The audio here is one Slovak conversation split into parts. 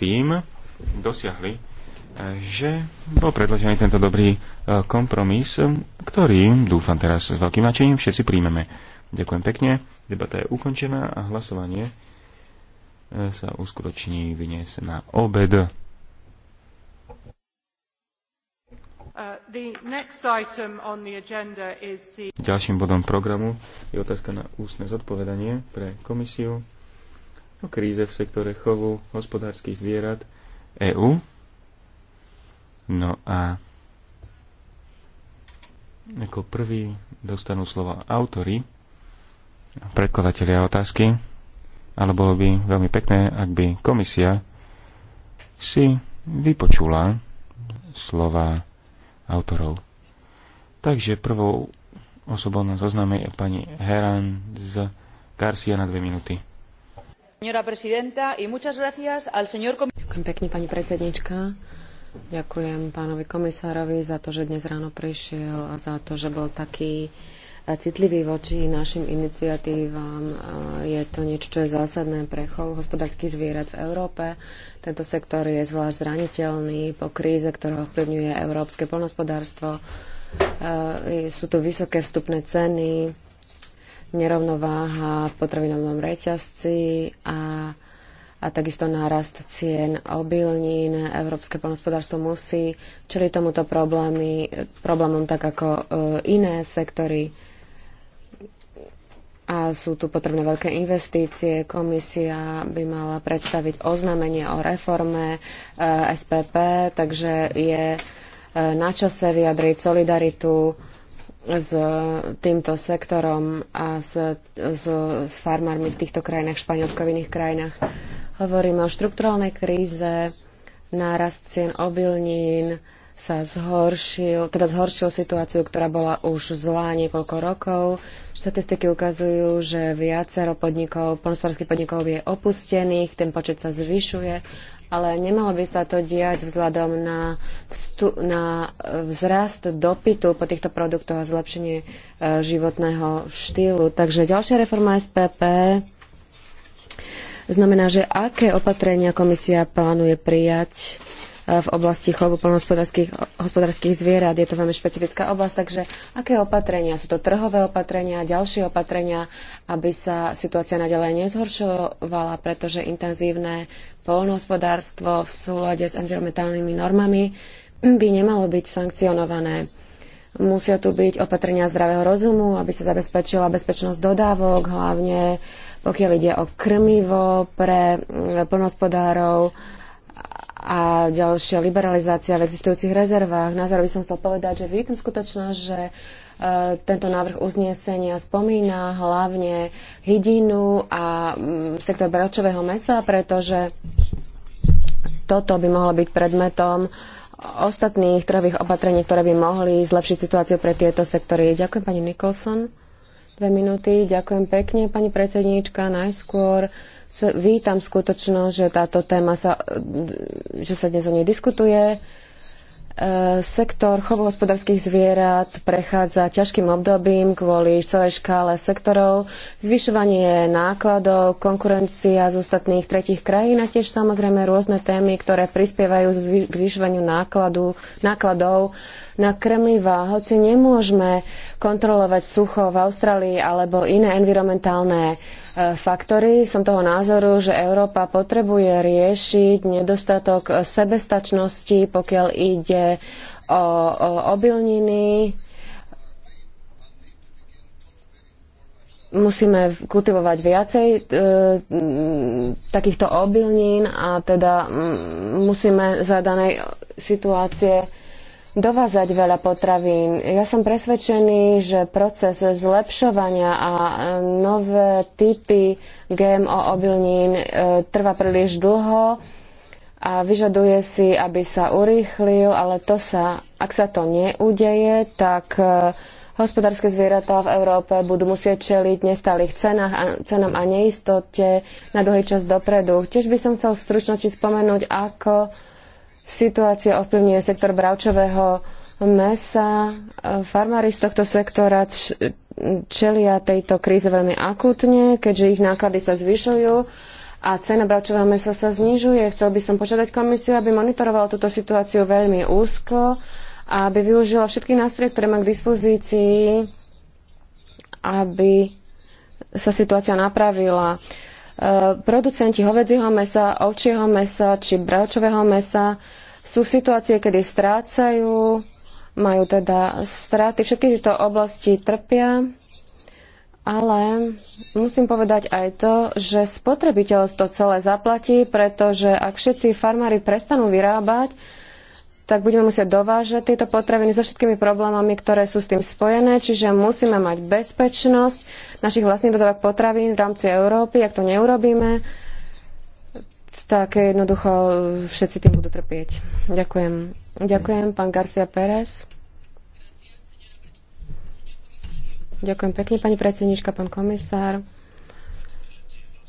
tým dosiahli, že bol predložený tento dobrý e, kompromis, ktorý, dúfam teraz s veľkým nadšením, všetci príjmeme. Ďakujem pekne, debata je ukončená a hlasovanie e, sa uskutoční dnes na obed. Uh, Ďalším bodom programu je otázka na ústne zodpovedanie pre komisiu o kríze v sektore chovu hospodárskych zvierat EÚ. No a ako prvý dostanú slova autory, predkladatelia otázky, ale bolo by veľmi pekné, ak by komisia si vypočula slova autorov. Takže prvou osobou na zozname je pani Heran z Garcia na dve minúty. Ďakujem pekne, pani predsednička. Ďakujem pánovi komisárovi za to, že dnes ráno prišiel a za to, že bol taký eh, citlivý voči našim iniciatívam. Eh, je to niečo, čo je zásadné pre chov hospodárskych zvierat v Európe. Tento sektor je zvlášť zraniteľný po kríze, ktorá ovplyvňuje európske poľnohospodárstvo. Eh, sú tu vysoké vstupné ceny, nerovnováha v potravinovom reťazci a, a takisto nárast cien obilnín. Európske poľnohospodárstvo musí čeli tomuto problémy, problémom tak ako uh, iné sektory. A sú tu potrebné veľké investície. Komisia by mala predstaviť oznámenie o reforme uh, e, SPP, takže je uh, na čase vyjadriť solidaritu s týmto sektorom a s, s, s farmármi v týchto krajinách, Španielsko v iných krajinách. Hovoríme o štrukturálnej kríze, nárast cien obilnín sa zhoršil, teda zhoršil situáciu, ktorá bola už zlá niekoľko rokov. Štatistiky ukazujú, že viacero podnikov, polnospodárských podnikov je opustených, ten počet sa zvyšuje ale nemalo by sa to diať vzhľadom na, vstu- na e, vzrast dopytu po týchto produktoch a zlepšenie e, životného štýlu. Takže ďalšia reforma SPP znamená, že aké opatrenia komisia plánuje prijať e, v oblasti chovu poľnohospodárskych zvierat. Je to veľmi špecifická oblasť, takže aké opatrenia? Sú to trhové opatrenia, ďalšie opatrenia, aby sa situácia naďalej nezhoršovala, pretože intenzívne poľnohospodárstvo v súlade s environmentálnymi normami by nemalo byť sankcionované. Musia tu byť opatrenia zdravého rozumu, aby sa zabezpečila bezpečnosť dodávok, hlavne pokiaľ ide o krmivo pre e, plnospodárov a ďalšia liberalizácia v existujúcich rezervách. Na záver by som chcel povedať, že vidím skutočnosť, že E, tento návrh uznesenia spomína hlavne hydinu a mm, sektor bravčového mesa, pretože toto by mohlo byť predmetom ostatných trhových opatrení, ktoré by mohli zlepšiť situáciu pre tieto sektory. Ďakujem pani Nicholson. Dve minúty. Ďakujem pekne, pani predsedníčka. Najskôr vítam skutočnosť, že táto téma sa, že sa dnes o nej diskutuje Sektor chovohospodárskych zvierat prechádza ťažkým obdobím kvôli celej škále sektorov, zvyšovanie nákladov, konkurencia z ostatných tretich krajín a tiež samozrejme rôzne témy, ktoré prispievajú k zvyšovaniu nákladu, nákladov na krmiva. Hoci nemôžeme kontrolovať sucho v Austrálii alebo iné environmentálne E, faktory. Som toho názoru, že Európa potrebuje riešiť nedostatok sebestačnosti, pokiaľ ide o, o obilniny. Musíme kultivovať viacej e, takýchto obilnín a teda musíme za danej situácie dovázať veľa potravín. Ja som presvedčený, že proces zlepšovania a e, nové typy GMO obilnín e, trvá príliš dlho a vyžaduje si, aby sa urýchlil, ale to sa, ak sa to neudeje, tak e, hospodárske zvieratá v Európe budú musieť čeliť nestálych cenách a, cenám a neistote na dlhý čas dopredu. Tiež by som chcel v stručnosti spomenúť, ako Situácia ovplyvňuje sektor bravčového mesa. Farmári z tohto sektora čelia tejto kríze veľmi akutne, keďže ich náklady sa zvyšujú a cena bravčového mesa sa znižuje. Chcel by som požiadať komisiu, aby monitorovala túto situáciu veľmi úzko a aby využila všetky nástroje, ktoré má k dispozícii, aby sa situácia napravila. E, producenti hovedzieho mesa, ovčieho mesa či bravčového mesa sú situácie, kedy strácajú, majú teda straty, všetky tieto oblasti trpia, ale musím povedať aj to, že spotrebiteľ to celé zaplatí, pretože ak všetci farmári prestanú vyrábať, tak budeme musieť dovážať tieto potraviny so všetkými problémami, ktoré sú s tým spojené, čiže musíme mať bezpečnosť našich vlastných dodávok potravín v rámci Európy. Ak to neurobíme, tak jednoducho všetci tým budú trpieť. Ďakujem. Ďakujem, pán Garcia Pérez. Ďakujem pekne, pani predsednička, pán komisár.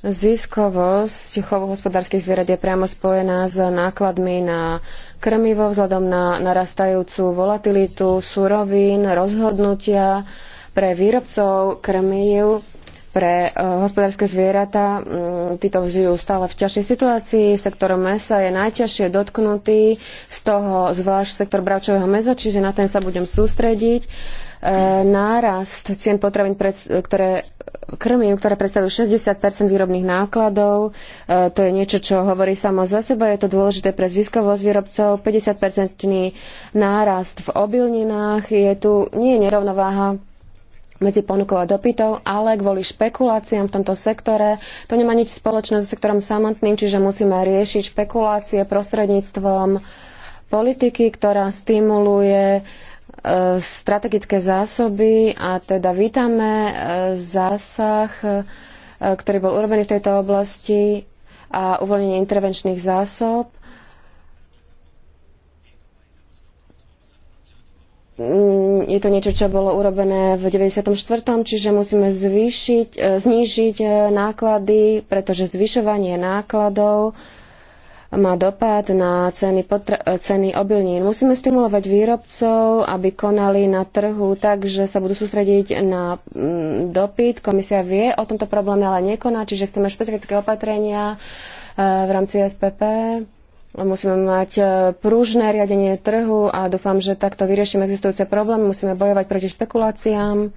Ziskovosť chovu hospodárskych zvierat je priamo spojená s nákladmi na krmivo vzhľadom na narastajúcu volatilitu surovín, rozhodnutia pre výrobcov krmív pre eh, hospodárske zvieratá. Mm, títo žijú stále v ťažšej situácii. Sektor mesa je najťažšie dotknutý, z toho zvlášť sektor bravčového mesa, čiže na ten sa budem sústrediť. Eh, nárast cien potravín, ktoré krmím, ktoré predstavujú 60 výrobných nákladov, eh, to je niečo, čo hovorí samo za seba. Je to dôležité pre ziskovosť výrobcov. 50 nárast v obilninách. Je tu nie je nerovnováha medzi ponukou a dopytou, ale kvôli špekuláciám v tomto sektore to nemá nič spoločné so sektorom samotným, čiže musíme riešiť špekulácie prostredníctvom politiky, ktorá stimuluje e, strategické zásoby a teda vítame e, zásah, e, ktorý bol urobený v tejto oblasti a uvoľnenie intervenčných zásob Mm, je to niečo, čo bolo urobené v 94., čiže musíme zvýšiť, e, znížiť e, náklady, pretože zvyšovanie nákladov má dopad na ceny, e, ceny obilnín. Musíme stimulovať výrobcov, aby konali na trhu tak, že sa budú sústrediť na mm, dopyt. Komisia vie o tomto probléme, ale nekoná, čiže chceme špecifické opatrenia v rámci SPP Musíme mať e, pružné riadenie trhu a dúfam, že takto vyriešime existujúce problémy. Musíme bojovať proti špekuláciám,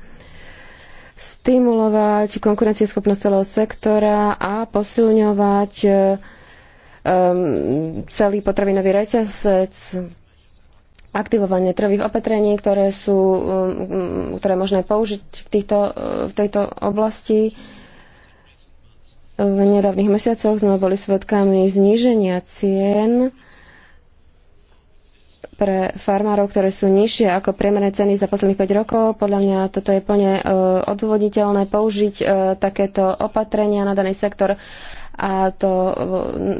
stimulovať konkurencieschopnosť celého sektora a posilňovať um, celý potravinový reťazec, aktivovanie trhových opatrení, ktoré sú um, ktoré možné použiť v, týchto, v tejto oblasti v nedávnych mesiacoch sme boli svedkami zníženia cien pre farmárov, ktoré sú nižšie ako priemerné ceny za posledných 5 rokov. Podľa mňa toto je plne e, odvoditeľné použiť e, takéto opatrenia na daný sektor a to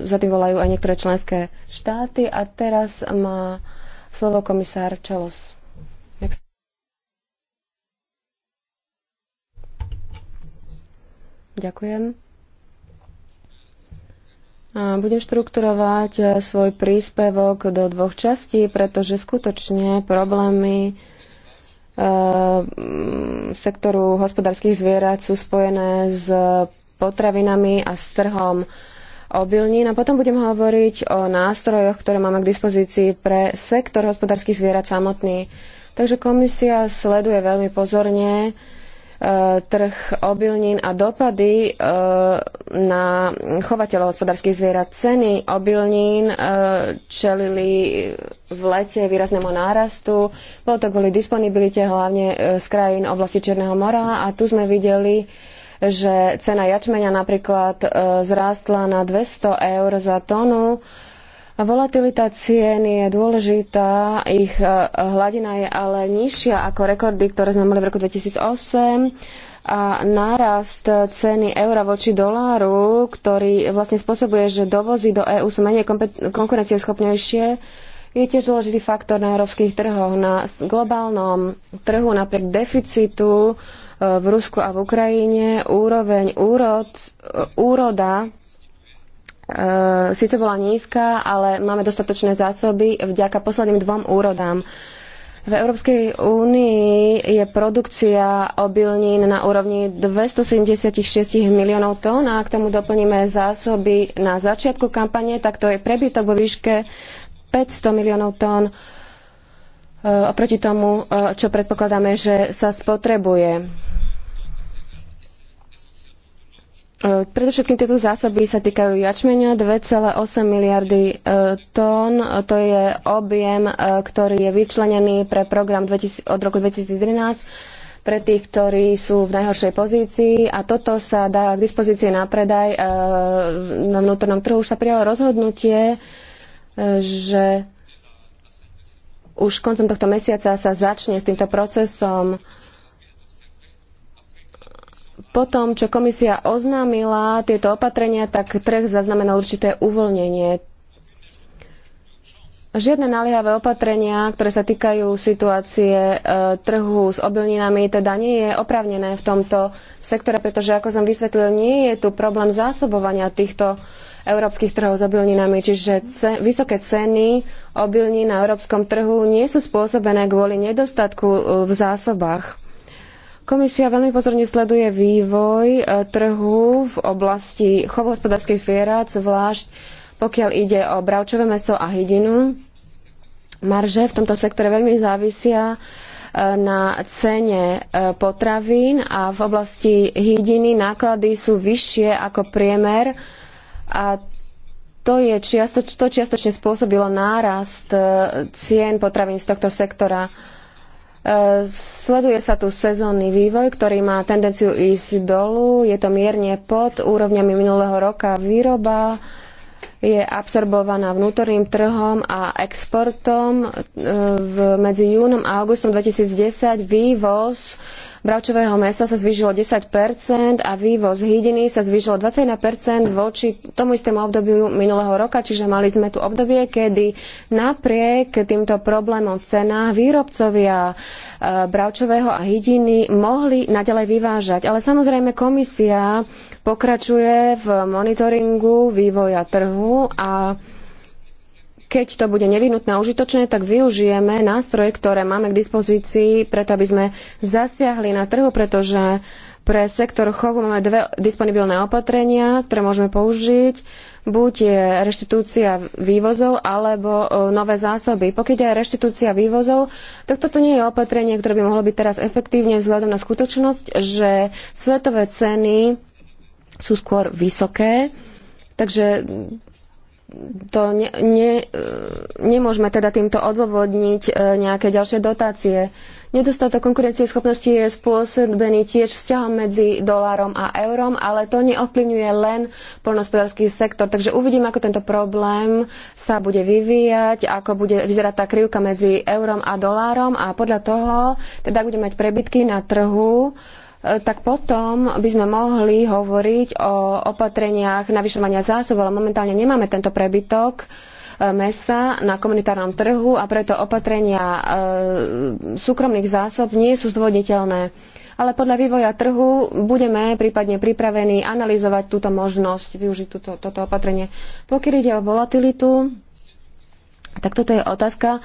za tým volajú aj niektoré členské štáty. A teraz má slovo komisár Čelos. Ďakujem. Budem štrukturovať e, svoj príspevok do dvoch častí, pretože skutočne problémy e, sektoru hospodárskych zvierat sú spojené s potravinami a s trhom obilnín a potom budem hovoriť o nástrojoch, ktoré máme k dispozícii pre sektor hospodárskych zvierat samotný. Takže komisia sleduje veľmi pozorne E, trh obilnín a dopady e, na chovateľov hospodárskych zvierat. Ceny obilnín e, čelili v lete výraznému nárastu. Bolo to kvôli disponibilite hlavne z krajín oblasti Čierneho mora a tu sme videli, že cena jačmeňa napríklad zrástla na 200 eur za tonu Volatilita cien je dôležitá, ich e, hladina je ale nižšia ako rekordy, ktoré sme mali v roku 2008 a nárast ceny eura voči doláru, ktorý vlastne spôsobuje, že dovozy do EÚ sú menej konkurencieschopnejšie, je tiež dôležitý faktor na európskych trhoch. Na globálnom trhu napriek deficitu e, v Rusku a v Ukrajine úroveň úrod, e, úroda E, síce bola nízka, ale máme dostatočné zásoby vďaka posledným dvom úrodám. V Európskej únii je produkcia obilnín na úrovni 276 miliónov tón a k tomu doplníme zásoby na začiatku kampane, tak to je prebytok vo výške 500 miliónov tón e, oproti tomu, e, čo predpokladáme, že sa spotrebuje. E, predovšetkým tieto zásoby sa týkajú jačmenia 2,8 miliardy e, tón. E, to je objem, ktorý je vyčlenený pre program od roku 2011 pre tých, ktorí sú v najhoršej pozícii a toto sa dá k dispozícii na predaj na vnútornom trhu. Už sa prijalo rozhodnutie, že už koncom tohto mesiaca sa začne s týmto procesom potom, čo komisia oznámila tieto opatrenia, tak trh zaznamenal určité uvoľnenie. Žiadne naliehavé opatrenia, ktoré sa týkajú situácie e, trhu s obilninami, teda nie je oprávnené v tomto sektore, pretože, ako som vysvetlil, nie je tu problém zásobovania týchto európskych trhov s obilninami, čiže ce, vysoké ceny obilní na európskom trhu nie sú spôsobené kvôli nedostatku e, v zásobách. Komisia veľmi pozorne sleduje vývoj e, trhu v oblasti chovu hospodárskych zvierat, zvlášť pokiaľ ide o bravčové mäso a hydinu. Marže v tomto sektore veľmi závisia e, na cene e, potravín a v oblasti hydiny náklady sú vyššie ako priemer a to, je čiastoč, to čiastočne spôsobilo nárast cien potravín z tohto sektora. Sleduje sa tu sezónny vývoj, ktorý má tendenciu ísť dolu. Je to mierne pod úrovňami minulého roka. Výroba je absorbovaná vnútorným trhom a exportom. E, v, medzi júnom a augustom 2010 vývoz bravčového mesa sa zvýšilo 10% a vývoz hydiny sa zvýšilo 21% voči tomu istému obdobiu minulého roka, čiže mali sme tu obdobie, kedy napriek týmto problémom v cenách výrobcovia e, bravčového a hydiny mohli naďalej vyvážať. Ale samozrejme komisia pokračuje v monitoringu vývoja trhu a keď to bude nevyhnutné a užitočné, tak využijeme nástroje, ktoré máme k dispozícii, preto aby sme zasiahli na trhu, pretože pre sektor chovu máme dve disponibilné opatrenia, ktoré môžeme použiť. Buď je reštitúcia vývozov alebo e, nové zásoby. Pokiaľ je reštitúcia vývozov, tak toto nie je opatrenie, ktoré by mohlo byť teraz efektívne vzhľadom na skutočnosť, že svetové ceny sú skôr vysoké. Takže to ne, ne, e, nemôžeme teda týmto odôvodniť e, nejaké ďalšie dotácie. Nedostatok schopnosti je spôsobený tiež vzťahom medzi dolárom a eurom, ale to neovplyvňuje len poľnohospodársky sektor. Takže uvidím, ako tento problém sa bude vyvíjať, ako bude vyzerať tá krivka medzi eurom a dolárom a podľa toho teda bude mať prebytky na trhu uh, E, tak potom by sme mohli hovoriť o opatreniach navyšovania zásob, ale momentálne nemáme tento prebytok e, mesa na komunitárnom trhu a preto opatrenia e, súkromných zásob nie sú zdôvodniteľné. Ale podľa vývoja trhu budeme prípadne pripravení analyzovať túto možnosť, využiť túto, toto opatrenie. Pokiaľ ide o volatilitu, tak toto je otázka,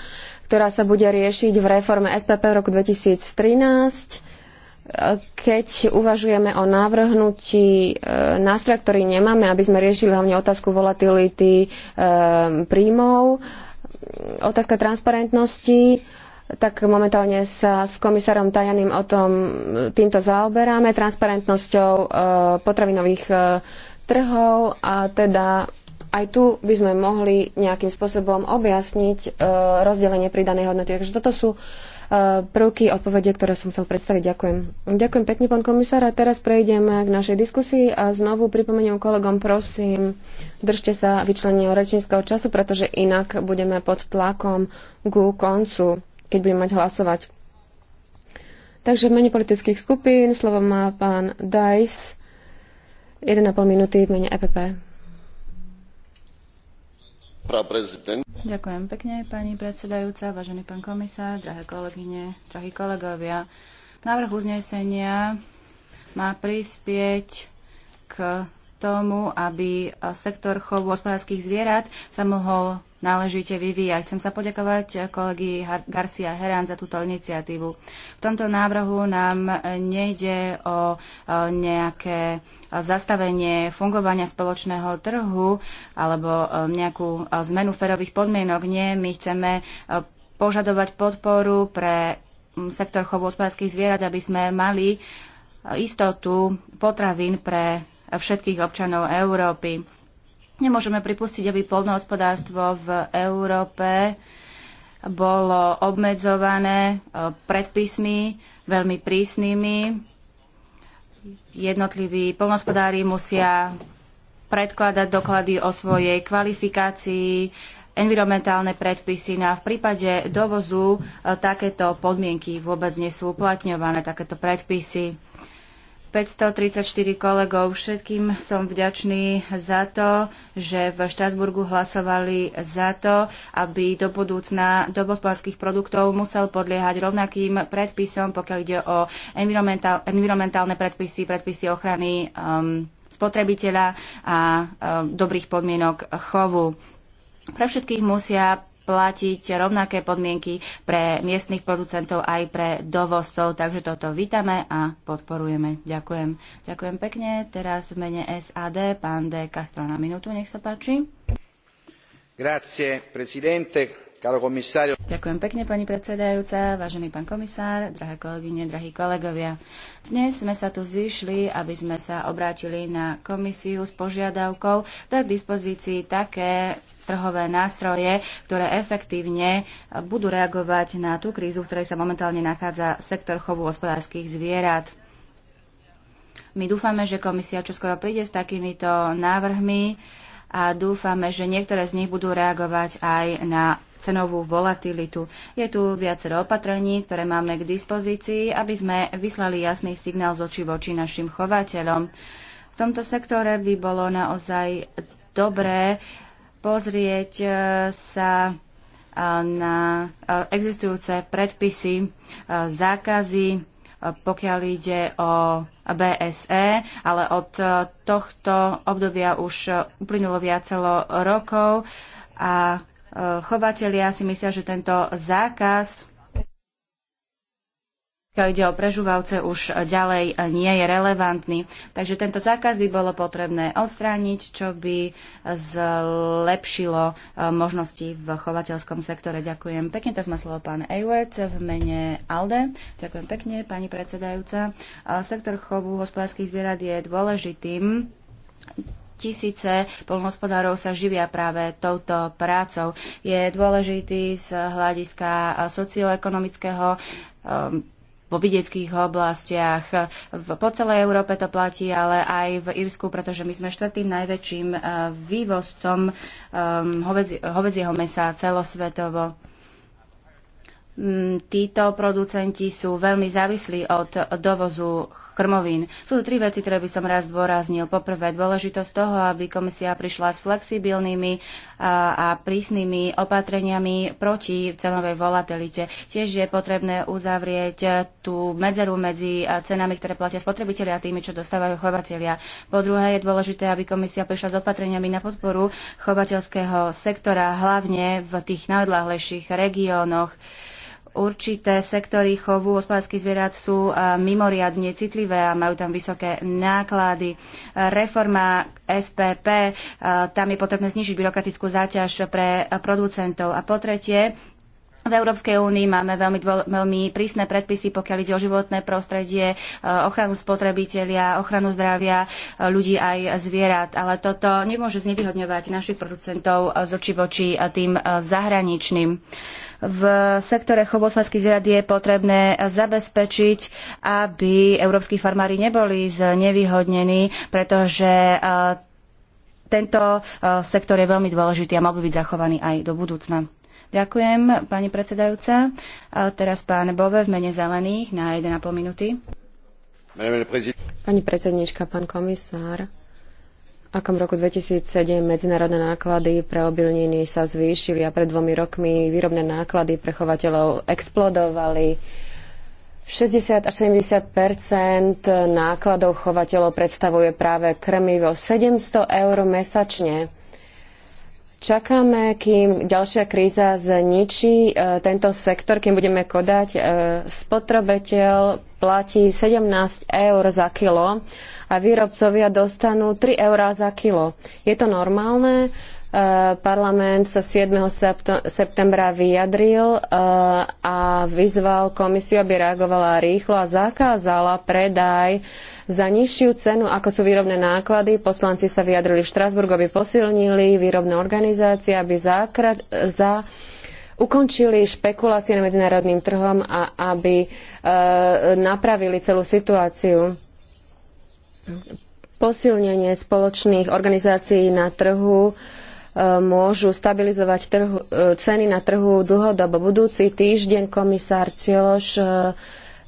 ktorá sa bude riešiť v reforme SPP v roku 2013 keď uvažujeme o navrhnutí e, nástroja, ktorý nemáme, aby sme riešili hlavne otázku volatility e, príjmov, otázka transparentnosti, tak momentálne sa s komisárom Tajaným o tom e, týmto zaoberáme, transparentnosťou potravinových trhov a teda aj tu by sme mohli nejakým spôsobom objasniť rozdelenie pridanej hodnoty. Takže toto sú prvky odpovede, ktoré som chcel predstaviť. Ďakujem. Ďakujem pekne, pán komisár. A teraz prejdeme k našej diskusii a znovu pripomeniem kolegom, prosím, držte sa vyčlenie rečníckého času, pretože inak budeme pod tlakom ku koncu, keď budeme mať hlasovať. Takže v mene politických skupín slovo má pán Dajs. 1,5 minúty v mene EPP. Ďakujem pekne, pani predsedajúca, vážený pán komisár, drahé kolegyne, drahí kolegovia. Návrh uznesenia má prispieť k tomu, aby sektor chovu hospodárskych zvierat sa mohol náležite vyvíjať. Chcem sa poďakovať kolegy Garcia Herán za túto iniciatívu. V tomto návrhu nám nejde o nejaké zastavenie fungovania spoločného trhu alebo nejakú zmenu ferových podmienok. Nie, my chceme požadovať podporu pre sektor chovu odpadských zvierat, aby sme mali istotu potravín pre všetkých občanov Európy. Nemôžeme pripustiť, aby polnohospodárstvo v Európe bolo obmedzované e, predpismi veľmi prísnymi. Jednotliví polnohospodári musia predkladať doklady o svojej kvalifikácii, environmentálne predpisy. No a v prípade dovozu e, takéto podmienky vôbec nie sú uplatňované, takéto predpisy. 534 kolegov. Všetkým som vďačný za to, že v Štrasburgu hlasovali za to, aby do budúcna dovoz produktov musel podliehať rovnakým predpisom, pokiaľ ide o environmentál, environmentálne predpisy, predpisy ochrany um, spotrebiteľa a um, dobrých podmienok chovu. Pre všetkých musia platiť rovnaké podmienky pre miestnych producentov aj pre dovozcov. Takže toto vítame a podporujeme. Ďakujem. Ďakujem pekne. Teraz v mene SAD pán D. Castro na minútu, nech sa páči. Grazie, presidente. Ďakujem pekne, pani predsedajúca, vážený pán komisár, drahé kolegyne, drahí kolegovia. Dnes sme sa tu zišli, aby sme sa obrátili na komisiu s požiadavkou dať k dispozícii také trhové nástroje, ktoré efektívne budú reagovať na tú krízu, v ktorej sa momentálne nachádza sektor chovu hospodárskych zvierat. My dúfame, že komisia čoskoro príde s takýmito návrhmi a dúfame, že niektoré z nich budú reagovať aj na cenovú volatilitu. Je tu viacero opatrení, ktoré máme k dispozícii, aby sme vyslali jasný signál z očí voči našim chovateľom. V tomto sektore by bolo naozaj dobré pozrieť e, sa e, na e, existujúce predpisy, zákazy, pokiaľ ide o BSE, ale od tohto obdobia už uplynulo viacelo rokov a Eh, chovatelia si myslia, že tento zákaz keď ide o prežúvavce, už ďalej nie je relevantný. Takže tento zákaz by bolo potrebné odstrániť, čo by zlepšilo eh, možnosti v chovateľskom sektore. Ďakujem pekne. Teraz má slovo pán Ewert v mene ALDE. Ďakujem pekne, pani predsedajúca. Eh, sektor chovu hospodárskych zvierat je dôležitým tisíce polnospodárov sa živia práve touto prácou. Je dôležitý z hľadiska socioekonomického ehm, vo vidieckých oblastiach. po celej Európe to platí, ale aj v Írsku, pretože my sme štvrtým najväčším eh, vývozcom ehm, hovedzieho mesa celosvetovo. Mm, títo producenti sú veľmi závislí od dovozu krmovín. Sú tu tri veci, ktoré by som raz zdôraznil. Poprvé, dôležitosť toho, aby komisia prišla s flexibilnými a, a prísnymi opatreniami proti cenovej volatilite. Tiež je potrebné uzavrieť tú medzeru medzi cenami, ktoré platia spotrebitelia a tými, čo dostávajú chovatelia. Po druhé, je dôležité, aby komisia prišla s opatreniami na podporu chovateľského sektora, hlavne v tých najodláhlejších regiónoch určité sektory chovu hospodárskych zvierat sú e, mimoriadne citlivé a majú tam vysoké náklady. E, reforma SPP, e, tam je potrebné znižiť byrokratickú záťaž pre producentov. A po tretie, v Európskej únii máme veľmi, dvo- veľmi prísne predpisy, pokiaľ ide o životné prostredie, e, ochranu spotrebitelia, ochranu zdravia e, ľudí aj zvierat. Ale toto nemôže znevýhodňovať našich producentov e, z oči voči tým zahraničným. V sektore chovoslavských zvierat je potrebné zabezpečiť, aby európsky farmári neboli znevýhodnení, pretože tento sektor je veľmi dôležitý a mal by byť zachovaný aj do budúcna. Ďakujem, pani predsedajúca. A teraz pán Bove v mene zelených na 1,5 minúty. Pani predsednička, pán komisár, akom roku 2007 medzinárodné náklady pre obilniny sa zvýšili a pred dvomi rokmi výrobné náklady pre chovateľov explodovali. 60 až 70 nákladov chovateľov predstavuje práve krmivo 700 eur mesačne. Čakáme, kým ďalšia kríza zničí e, tento sektor, kým budeme kodať. E, spotrebiteľ platí 17 eur za kilo a výrobcovia dostanú 3 eurá za kilo. Je to normálne? Eh, parlament sa 7. septembra vyjadril eh, a vyzval komisiu, aby reagovala rýchlo a zakázala predaj za nižšiu cenu, ako sú výrobné náklady. Poslanci sa vyjadrili v Štrasburgu, aby posilnili výrobné organizácie, aby za ukončili špekulácie na medzinárodným trhom a aby eh, napravili celú situáciu posilnenie spoločných organizácií na trhu môžu stabilizovať trhu, e, ceny na trhu dlhodobo. Budúci týždeň komisár Cieloš e,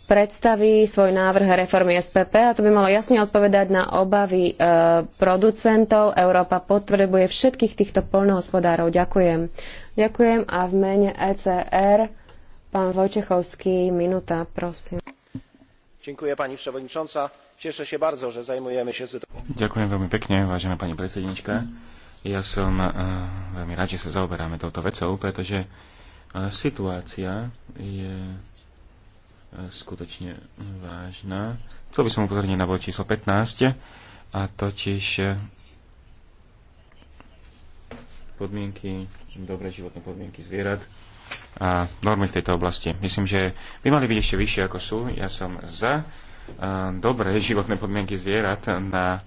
predstaví svoj návrh reformy SPP a to by malo jasne odpovedať na obavy e, producentov. Európa potrebuje všetkých týchto poľnohospodárov. Ďakujem. Ďakujem a v mene ECR pán Vojčechovský, minúta, prosím. Ďakujem pani Ďakujem veľmi pekne, vážená pani predsednička. Ja som eh, veľmi rád, že sa zaoberáme touto vecou, pretože eh, situácia je eh, skutočne vážna. Chcel by som upozorniť na bod číslo 15, a totiž podmienky, dobré životné podmienky zvierat a normy v tejto oblasti. Myslím, že by mali byť ešte vyššie ako sú. Ja som za dobré životné podmienky zvierat na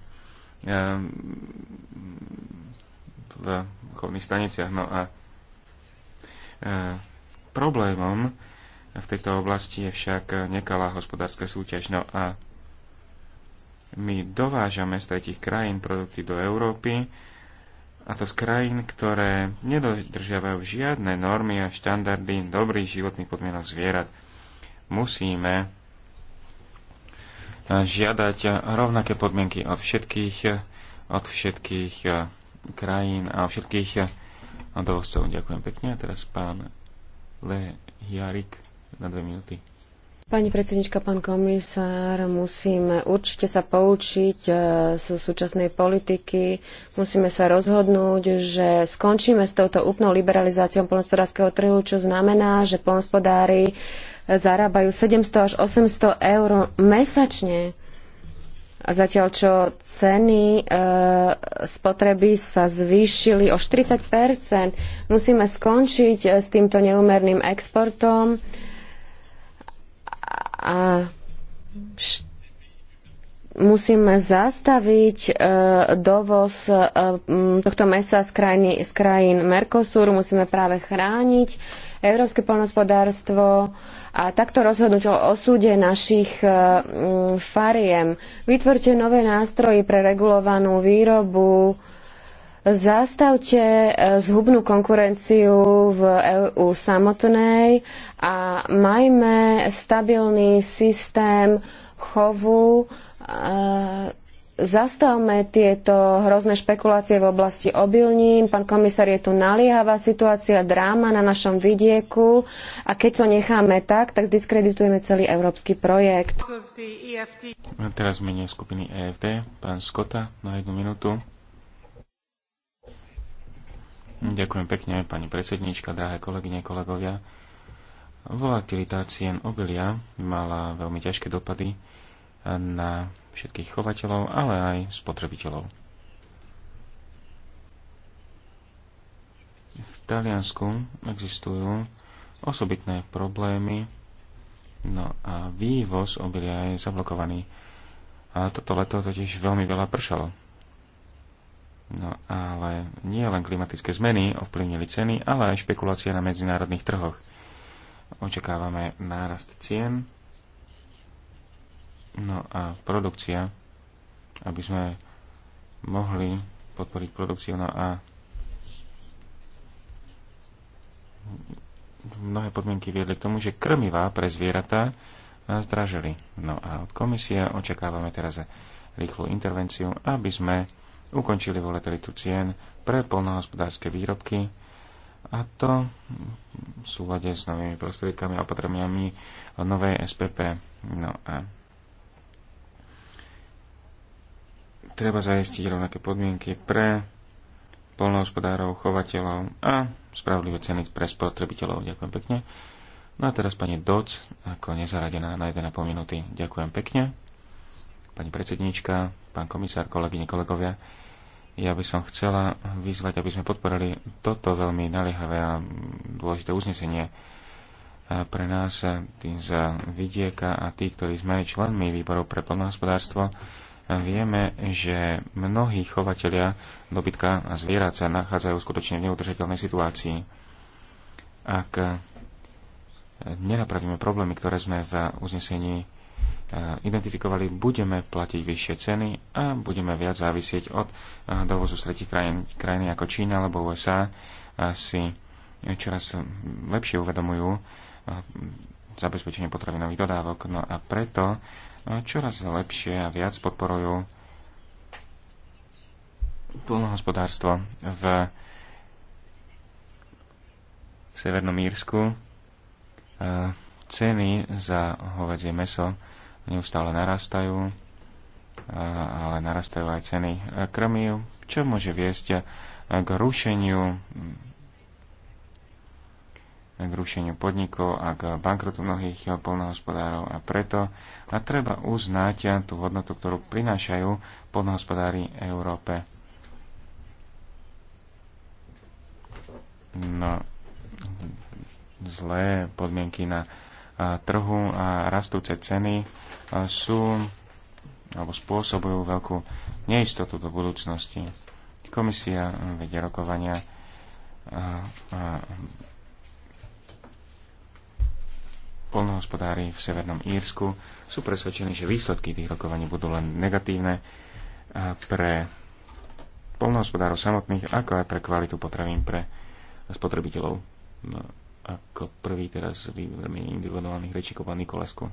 v chovných staniciach. No a e, problémom v tejto oblasti je však nekalá hospodárska súťaž. No a my dovážame z tretich krajín produkty do Európy, a to z krajín, ktoré nedodržiavajú žiadne normy a štandardy dobrých životných podmienok zvierat. Musíme e, žiadať rovnaké podmienky od všetkých, e, od všetkých krajín a všetkých dovozcov. Ďakujem pekne. A teraz pán Le Jarik na dve minúty. Pani predsednička, pán komisár, musíme určite sa poučiť eh, z súčasnej politiky. Musíme sa rozhodnúť, že skončíme s touto úplnou liberalizáciou polnospodárskeho trhu, čo znamená, že polnospodári eh, zarábajú 700 až 800 eur mesačne a zatiaľ čo ceny e, spotreby sa zvýšili o 40 musíme skončiť e, s týmto neúmerným exportom a musíme zastaviť e, dovoz e, tohto mesa z, krajiny, z krajín Mercosur, musíme práve chrániť európske poľnohospodárstvo a takto rozhodnúť o osude našich e, fariem. Vytvorte nové nástroje pre regulovanú výrobu, zastavte e, zhubnú konkurenciu v EÚ samotnej a majme stabilný systém chovu e, zastavme tieto hrozné špekulácie v oblasti obilnín. Pán komisár, je tu naliehavá situácia, dráma na našom vidieku a keď to necháme tak, tak zdiskreditujeme celý európsky projekt. A teraz menej skupiny EFD, pán Skota na jednu minútu. Ďakujem pekne, pani predsednička, drahé kolegyne, kolegovia. Volatilita cien obilia mala veľmi ťažké dopady na všetkých chovateľov, ale aj spotrebiteľov. V Taliansku existujú osobitné problémy, no a vývoz obilia je zablokovaný. A toto leto totiž veľmi veľa pršalo. No ale nie len klimatické zmeny ovplyvnili ceny, ale aj špekulácie na medzinárodných trhoch. Očakávame nárast cien No a produkcia, aby sme mohli podporiť produkciu. No a mnohé podmienky viedli k tomu, že krmivá pre zvieratá nás zdražili. No a od komisie očakávame teraz rýchlu intervenciu, aby sme ukončili volatilitu cien pre polnohospodárske výrobky a to v súlade s novými prostriedkami a opatreniami novej SPP. No a treba zajistiť rovnaké podmienky pre polnohospodárov, chovateľov a spravodlivé ceny pre spotrebiteľov. Ďakujem pekne. No a teraz pani Doc, ako nezaradená na 1,5 minúty. Ďakujem pekne. Pani predsednička, pán komisár, kolegyne, kolegovia, ja by som chcela vyzvať, aby sme podporili toto veľmi naliehavé a dôležité uznesenie pre nás, tým z vidieka a tí, ktorí sme členmi výborov pre plnohospodárstvo, vieme, že mnohí chovatelia dobytka a zvierat sa nachádzajú skutočne v neudržateľnej situácii. Ak nenapravíme problémy, ktoré sme v uznesení e, identifikovali, budeme platiť vyššie ceny a budeme viac závisieť od e, dovozu z tretich krajín. Krajiny ako Čína alebo USA si čoraz lepšie uvedomujú e, zabezpečenie potravinových dodávok. No a preto čoraz lepšie a viac podporujú plnohospodárstvo v Severnom Írsku. Ceny za hovedzie meso neustále narastajú, ale narastajú aj ceny krmiv, čo môže viesť k rušeniu k rušeniu podnikov a k bankrotu mnohých polnohospodárov a preto a treba uznať tú hodnotu, ktorú prinášajú polnohospodári Európe. No, zlé podmienky na trhu a rastúce ceny sú alebo spôsobujú veľkú neistotu do budúcnosti. Komisia vedie rokovania a, a polnohospodári v Severnom Írsku sú presvedčení, že výsledky tých rokovaní budú len negatívne pre polnohospodárov samotných, ako aj pre kvalitu potravín pre spotrebiteľov. No, ako prvý teraz vyberme individuálnych rečíkov a Nikolesku.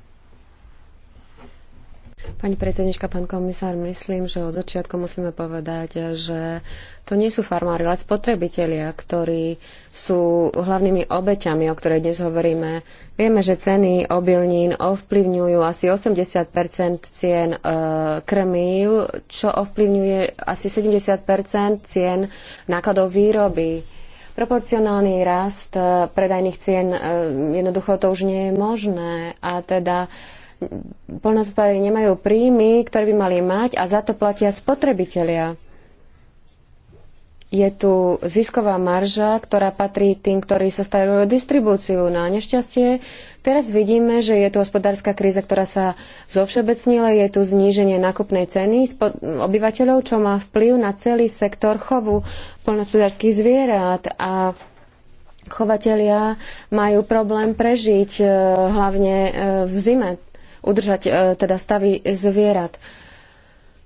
Pani predsednička, pán komisár, myslím, že od začiatku musíme povedať, že to nie sú farmári, ale spotrebitelia, ktorí sú hlavnými obeťami, o ktorej dnes hovoríme. Vieme, že ceny obilnín ovplyvňujú asi 80 cien e, krmív, čo ovplyvňuje asi 70 cien nákladov výroby. Proporcionálny rast e, predajných cien, e, jednoducho to už nie je možné a teda poľnohospodári nemajú príjmy, ktoré by mali mať a za to platia spotrebitelia. Je tu zisková marža, ktorá patrí tým, ktorí sa starajú o distribúciu. Na no nešťastie teraz vidíme, že je tu hospodárska kríza, ktorá sa zovšeobecnila, je tu zníženie nákupnej ceny obyvateľov, čo má vplyv na celý sektor chovu poľnohospodárskych zvierat a chovatelia majú problém prežiť, e, hlavne e, v zime udržať e, teda stavy zvierat.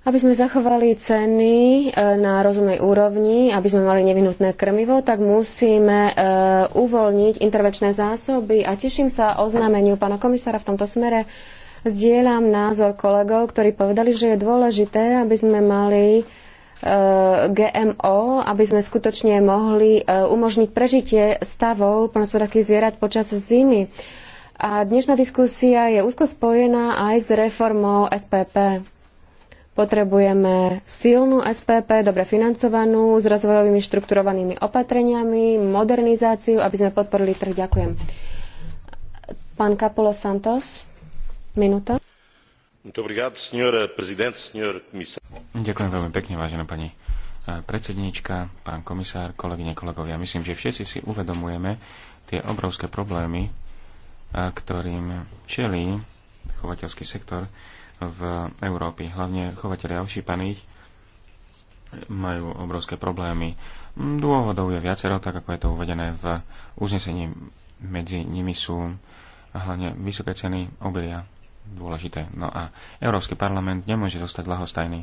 Aby sme zachovali ceny e, na rozumnej úrovni, aby sme mali nevyhnutné krmivo, tak musíme e, uvoľniť intervenčné zásoby a teším sa oznámeniu pána komisára v tomto smere. Zdieľam názor kolegov, ktorí povedali, že je dôležité, aby sme mali GMO, aby sme skutočne mohli umožniť prežitie stavov plnospodárských zvierat počas zimy. A dnešná diskusia je úzko spojená aj s reformou SPP. Potrebujeme silnú SPP, dobre financovanú, s rozvojovými štrukturovanými opatreniami, modernizáciu, aby sme podporili trh. Ďakujem. Pán Capulo Santos, minúta. Ďakujem veľmi pekne, vážená pani eh, predsedníčka, pán komisár, kolegyne, kolegovia. Myslím, že všetci si uvedomujeme tie obrovské problémy, ktorým čelí chovateľský sektor v Európe. Hlavne chovateľia ošípaných majú obrovské problémy. Dôvodov je viacero, tak ako je to uvedené v uznesení. Medzi nimi sú hlavne vysoké ceny obilia dôležité. No a Európsky parlament nemôže zostať ľahostajný.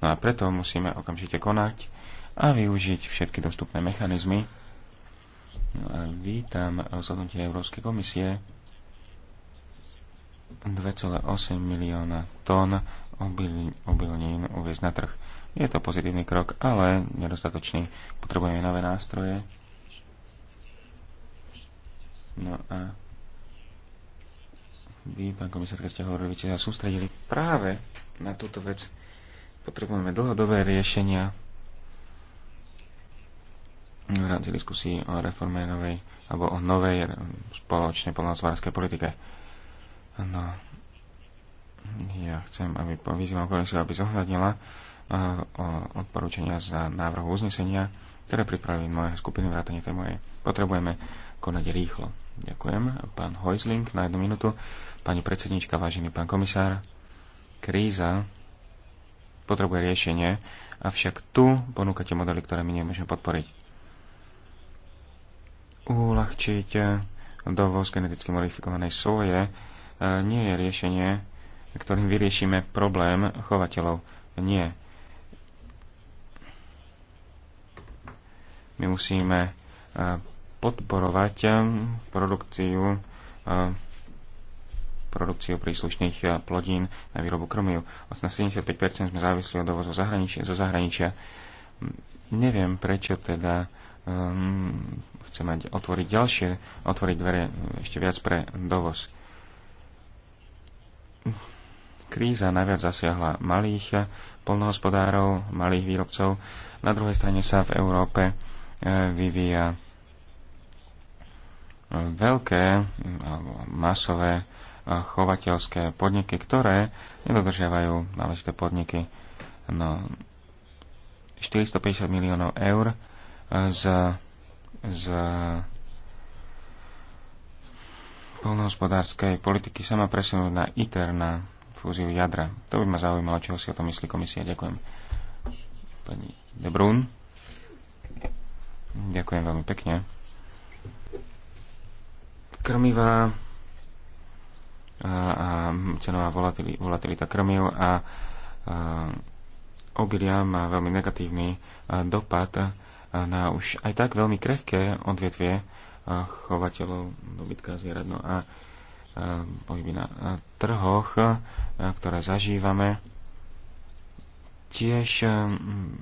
No a preto musíme okamžite konať a využiť všetky dostupné mechanizmy, Vítam rozhodnutie Európskej komisie 2,8 milióna tón obilnín uviezť na trh. Je to pozitívny krok, ale nedostatočný. Potrebujeme nové nástroje. No a vy, pán komisár, keď ste hovorili, že sa sústredili práve na túto vec. Potrebujeme dlhodobé riešenia, v rámci diskusí o reforme novej, alebo o novej spoločnej polnohospodárskej politike. No, ja chcem, aby vyzývam komisiu, aby zohľadnila odporúčania za návrhu uznesenia, ktoré pripravili moje skupiny vrátanie tej mojej. Potrebujeme konať rýchlo. Ďakujem. Pán Hojzling na jednu minútu. Pani predsednička, vážený pán komisár, kríza potrebuje riešenie, avšak tu ponúkate modely, ktoré my nemôžeme podporiť uľahčiť dovoz geneticky modifikovanej soje e, nie je riešenie, ktorým vyriešime problém chovateľov. Nie. My musíme e, podporovať e, produkciu produkciu príslušných plodín na výrobu krmiv. Od 75% sme závisli od dovozu zahraničia, zo zahraničia. Neviem, prečo teda um, chce mať otvoriť ďalšie, otvoriť dvere ehm, ešte viac pre dovoz. Kríza najviac zasiahla malých polnohospodárov, malých výrobcov. Na druhej strane sa v Európe ehm, vyvíja veľké masové chovateľské podniky, ktoré nedodržiavajú náležité podniky. No, 450 miliónov eur za, za polnohospodárskej politiky sa má presunúť na ITER, na fúziu jadra. To by ma zaujímalo, čo si o tom myslí komisia. Ďakujem. Pani Brun. Ďakujem veľmi pekne. Krmivá a, a cenová volatilita krmiv a, a obilia má veľmi negatívny dopad na už aj tak veľmi krehké odvetvie chovateľov dobytka zvierat. No a pohyby na trhoch, ktoré zažívame, tiež mm,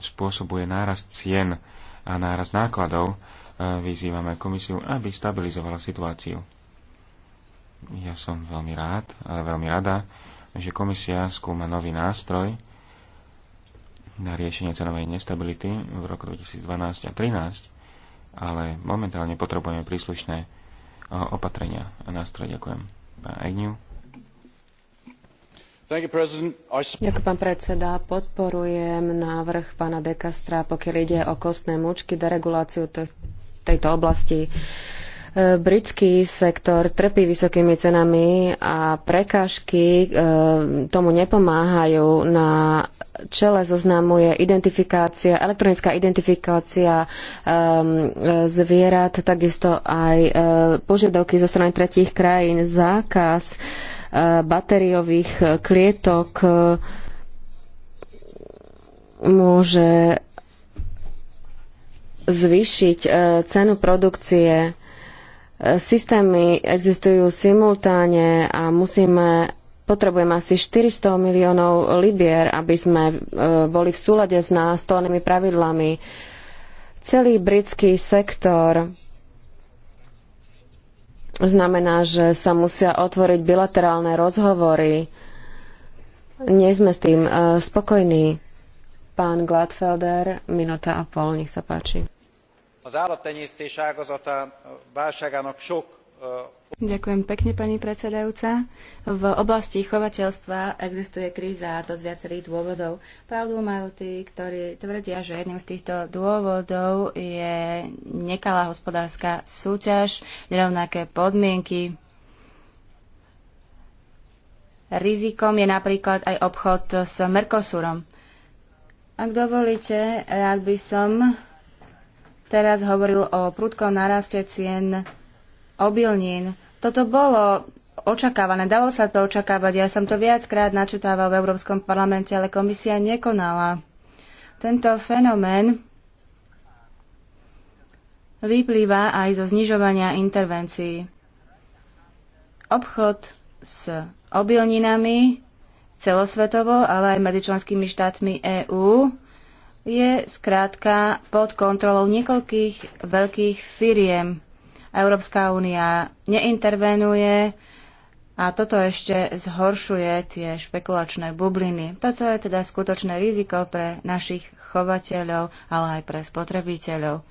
spôsobuje nárast cien a nárast nákladov. Vyzývame komisiu, aby stabilizovala situáciu. Ja som veľmi rád, ale veľmi rada, že komisia skúma nový nástroj, na riešenie cenovej nestability v roku 2012 a 2013, ale momentálne potrebujeme príslušné e, opatrenia a nástroje. Ďakujem. Pán Agnew. Ďakujem, pán predseda. Podporujem návrh pána Dekastra, pokiaľ ide o kostné mučky, dereguláciu tejto oblasti. Britský sektor trpí vysokými cenami a prekážky e, tomu nepomáhajú. Na čele zoznamu je identifikácia, elektronická identifikácia e, zvierat, takisto aj e, požiadavky zo strany tretích krajín, zákaz batériových klietok môže zvýšiť cenu produkcie systémy existujú simultáne a musíme potrebujeme asi 400 miliónov libier, aby sme e, boli v súlade s nástolnými pravidlami. Celý britský sektor znamená, že sa musia otvoriť bilaterálne rozhovory. Nie sme s tým e, spokojní. Pán Gladfelder, minúta a pol, nech sa páči az állattenyésztés ágazata válságának sok Ďakujem pekne, pani predsedajúca. V oblasti chovateľstva existuje kríza a to z viacerých dôvodov. Pravdu majú tí, ktorí tvrdia, že jedným z týchto dôvodov je nekalá hospodárska súťaž, nerovnaké podmienky. Rizikom je napríklad aj obchod s Mercosurom. Ak dovolíte, rád by som teraz hovoril o prudkom naraste cien obilnín. Toto bolo očakávané, dalo sa to očakávať. Ja som to viackrát načítával v Európskom parlamente, ale komisia nekonala. Tento fenomén vyplýva aj zo znižovania intervencií. Obchod s obilninami celosvetovo, ale aj medzi členskými štátmi EÚ je skrátka pod kontrolou niekoľkých veľkých firiem. Európska únia neintervenuje a toto ešte zhoršuje tie špekulačné bubliny. Toto je teda skutočné riziko pre našich chovateľov, ale aj pre spotrebiteľov.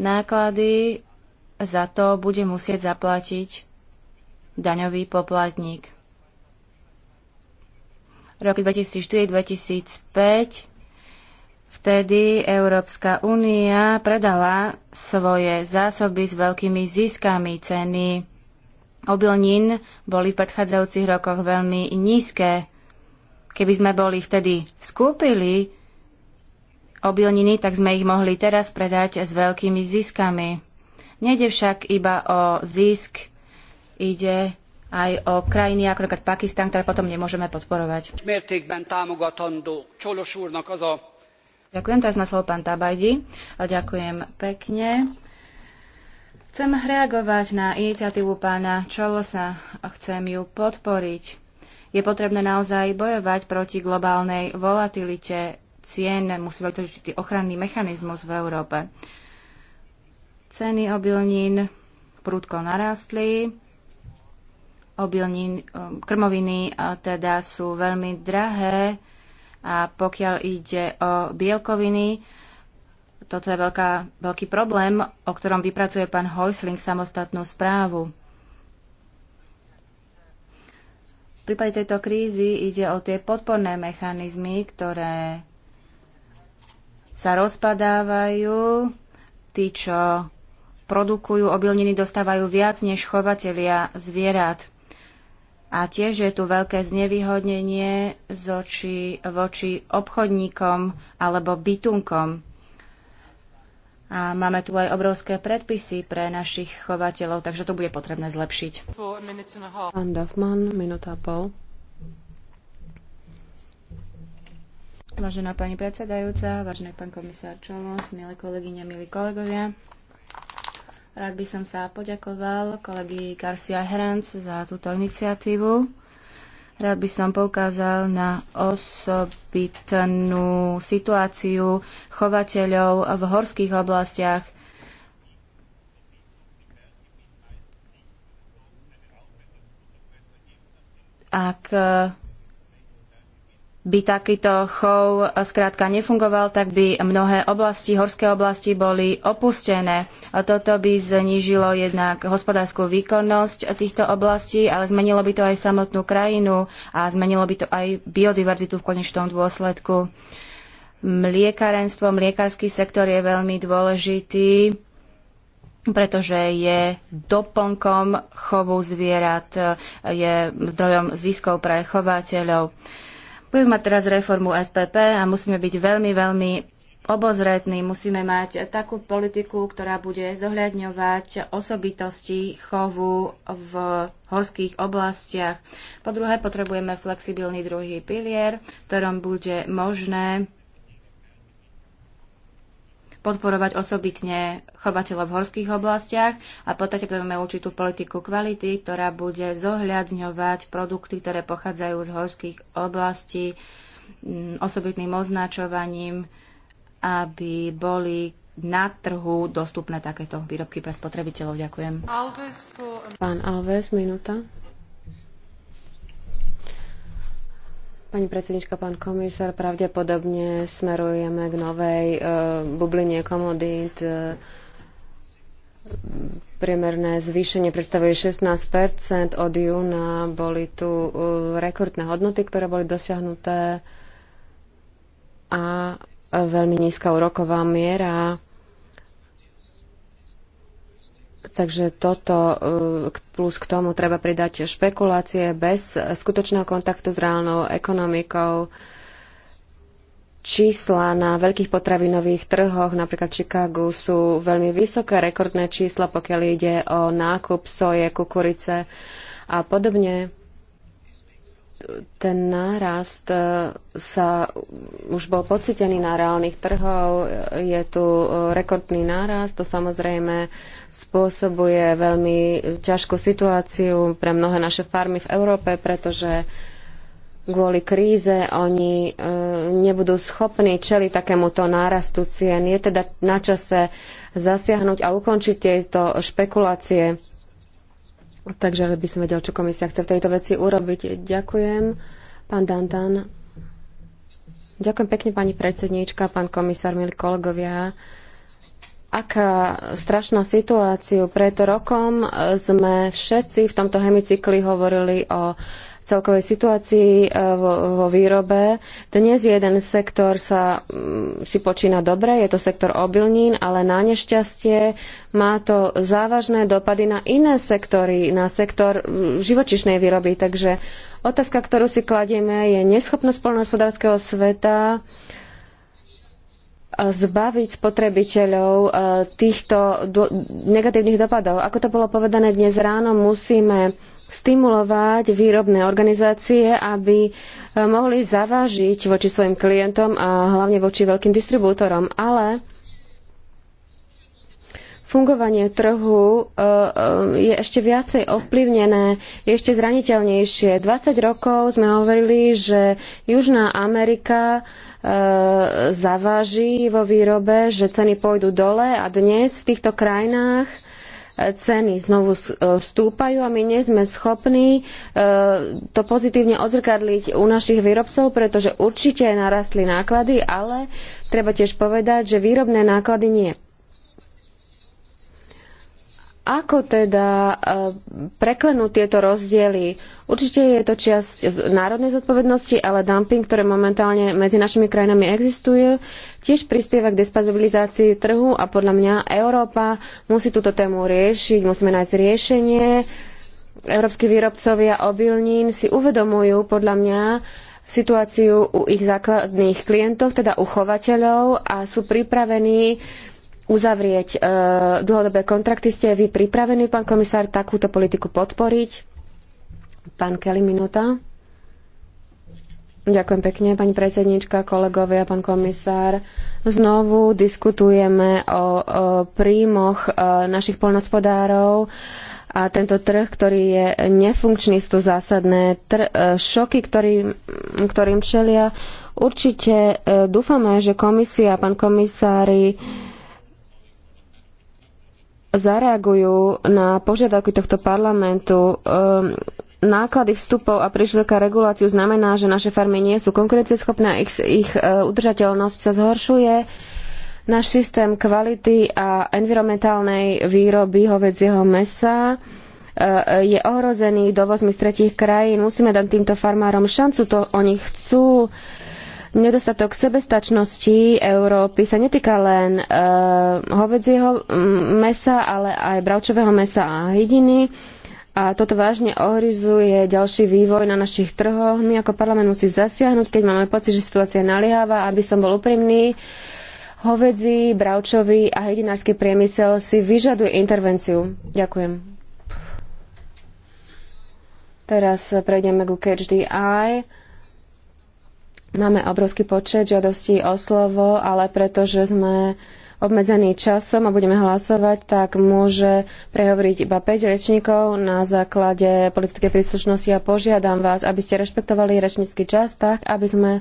Náklady za to bude musieť zaplatiť daňový poplatník. Roky 2004-2005 Vtedy Európska únia predala svoje zásoby s veľkými ziskami. Ceny obilnín boli v predchádzajúcich rokoch veľmi nízke. Keby sme boli vtedy skúpili obilniny, tak sme ich mohli teraz predať s veľkými ziskami. Nejde však iba o zisk, ide aj o krajiny ako napríklad Pakistan, ktoré potom nemôžeme podporovať. Mértékben támogatandó úrnak az a Ďakujem, teraz má slovo pán Tabajdi. Ďakujem pekne. Chcem reagovať na iniciatívu pána Čolosa a chcem ju podporiť. Je potrebné naozaj bojovať proti globálnej volatilite cien, musí byť určitý ochranný mechanizmus v Európe. Ceny obilnín prúdko narástli, obilnín, krmoviny teda sú veľmi drahé, a pokiaľ ide o bielkoviny, toto je veľká, veľký problém, o ktorom vypracuje pán Hojsling samostatnú správu. V prípade tejto krízy ide o tie podporné mechanizmy, ktoré sa rozpadávajú. Tí, čo produkujú obilniny, dostávajú viac než chovatelia zvierat. A tiež je tu veľké znevýhodnenie zoči, voči obchodníkom alebo bytunkom. A máme tu aj obrovské predpisy pre našich chovateľov, takže to bude potrebné zlepšiť. Pán minúta a pol. Vážená pani predsedajúca, vážený pán komisár Čolos, milé kolegyne, milí kolegovia. Rád by som sa poďakoval kolegy Garcia Herenc za túto iniciatívu. Rád by som poukázal na osobitnú situáciu chovateľov v horských oblastiach. Ak by takýto chov zkrátka e, nefungoval, tak by mnohé oblasti, horské oblasti boli opustené. A toto by znížilo jednak hospodárskú výkonnosť týchto oblastí, ale zmenilo by to aj samotnú krajinu a zmenilo by to aj biodiverzitu v konečnom dôsledku. Mliekarenstvo, mliekarský sektor je veľmi dôležitý pretože je doplnkom chovu zvierat, je zdrojom ziskov pre chovateľov. Budeme mať teraz reformu SPP a musíme byť veľmi, veľmi obozretní. Musíme mať takú politiku, ktorá bude zohľadňovať osobitosti chovu v horských oblastiach. Po druhé, potrebujeme flexibilný druhý pilier, v ktorom bude možné podporovať osobitne chovateľov v horských oblastiach a podstate budeme určitú politiku kvality, ktorá bude zohľadňovať produkty, ktoré pochádzajú z horských oblastí osobitným označovaním, aby boli na trhu dostupné takéto výrobky pre spotrebiteľov. Ďakujem. Pán Alves, minúta. Pani predsednička, pán komisár, pravdepodobne smerujeme k novej e, bubline komodít. E, priemerné zvýšenie predstavuje 16 Od júna boli tu e, rekordné hodnoty, ktoré boli dosiahnuté a veľmi nízka úroková miera Takže toto e, plus k tomu treba pridať špekulácie bez skutočného kontaktu s reálnou ekonomikou. Čísla na veľkých potravinových trhoch, napríklad v Chicagu, sú veľmi vysoké, rekordné čísla, pokiaľ ide o nákup soje, kukurice a podobne ten nárast e, sa už bol pocitený na reálnych trhov, je tu e, rekordný nárast, to samozrejme spôsobuje veľmi ťažkú situáciu pre mnohé naše farmy v Európe, pretože kvôli kríze oni e, nebudú schopní čeliť takémuto nárastu cien. Je teda na čase zasiahnuť a ukončiť tieto špekulácie Takže by som vedel, čo komisia chce v tejto veci urobiť. Ďakujem, pán Dantan. Ďakujem pekne, pani predsedníčka, pán komisár, milí kolegovia. Aká strašná situáciu. Pred rokom sme všetci v tomto hemicykli hovorili o celkovej situácii e, vo, vo výrobe. Dnes jeden sektor sa, mm, si počína dobre, je to sektor obilnín, ale na nešťastie má to závažné dopady na iné sektory, na sektor mm, živočišnej výroby. Takže otázka, ktorú si kladieme, je neschopnosť poľnohospodárskeho sveta e, zbaviť spotrebiteľov e, týchto negatívnych dopadov. Ako to bolo povedané dnes ráno, musíme stimulovať výrobné organizácie, aby e, mohli zavážiť voči svojim klientom a hlavne voči veľkým distribútorom. Ale fungovanie trhu e, e, je ešte viacej ovplyvnené, je ešte zraniteľnejšie. 20 rokov sme hovorili, že Južná Amerika zaváži vo výrobe, že ceny pôjdu dole a dnes v týchto krajinách ceny znovu e, stúpajú a my nie sme schopní e, to pozitívne odzrkadliť u našich výrobcov, pretože určite narastli náklady, ale treba tiež povedať, že výrobné náklady nie. Ako teda eh, preklenúť tieto rozdiely? Určite je to časť národnej zodpovednosti, ale dumping, ktoré momentálne medzi našimi krajinami existuje, tiež prispieva k despazibilizácii trhu a podľa mňa Európa musí túto tému riešiť, musíme nájsť riešenie. Európsky výrobcovia obilnín si uvedomujú podľa mňa, situáciu u ich základných klientov, teda u chovateľov a sú pripravení uzavrieť e, dlhodobé kontrakty. Ste vy pripravení, pán komisár, takúto politiku podporiť? Pán Kelly, minúta. Ďakujem pekne, pani predsednička, kolegovia, pán komisár. Znovu diskutujeme o, o príjmoch e, našich poľnohospodárov a tento trh, ktorý je nefunkčný, sú tu zásadné e, šoky, ktorý, ktorým čelia. Určite dúfame, že komisia, pán komisári, zareagujú na požiadavky tohto parlamentu. Ehm, náklady vstupov a príliš veľká reguláciu znamená, že naše farmy nie sú konkurencieschopné, ich, ich e, udržateľnosť sa zhoršuje. Náš systém kvality a environmentálnej výroby hovedzieho mesa e, e, je ohrozený dovozmi z tretích krajín. Musíme dať týmto farmárom šancu, to oni chcú. Nedostatok sebestačnosti Európy sa netýka len e, hovedzieho mesa, ale aj bravčového mesa a hydiny. A toto vážne ohrizuje ďalší vývoj na našich trhoch. My ako parlament musí zasiahnuť, keď máme pocit, že situácia naliháva, aby som bol úprimný. Hovedzi, bravčový a hydinársky priemysel si vyžaduje intervenciu. Ďakujem. Teraz prejdeme ku Catch the Eye. Máme obrovský počet žiadostí o slovo, ale pretože sme obmedzený časom a budeme hlasovať, tak môže prehovoriť iba 5 rečníkov na základe politickej príslušnosti a požiadam vás, aby ste rešpektovali rečnícky čas tak, aby sme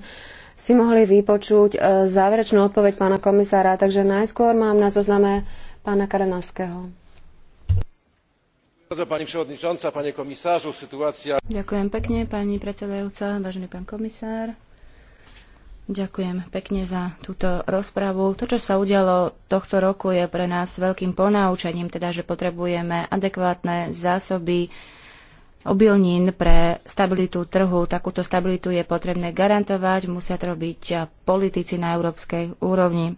si mohli vypočuť e, záverečnú odpoveď pána komisára. Takže najskôr mám na zozname pána Karenovského. Ďakujem pekne, pani predsedajúca, vážený pán komisár. Ďakujem pekne za túto rozpravu. To, čo sa udialo tohto roku, je pre nás veľkým ponaučením, teda, že potrebujeme adekvátne zásoby obilnín pre stabilitu trhu. Takúto stabilitu je potrebné garantovať, musia to robiť politici na európskej úrovni.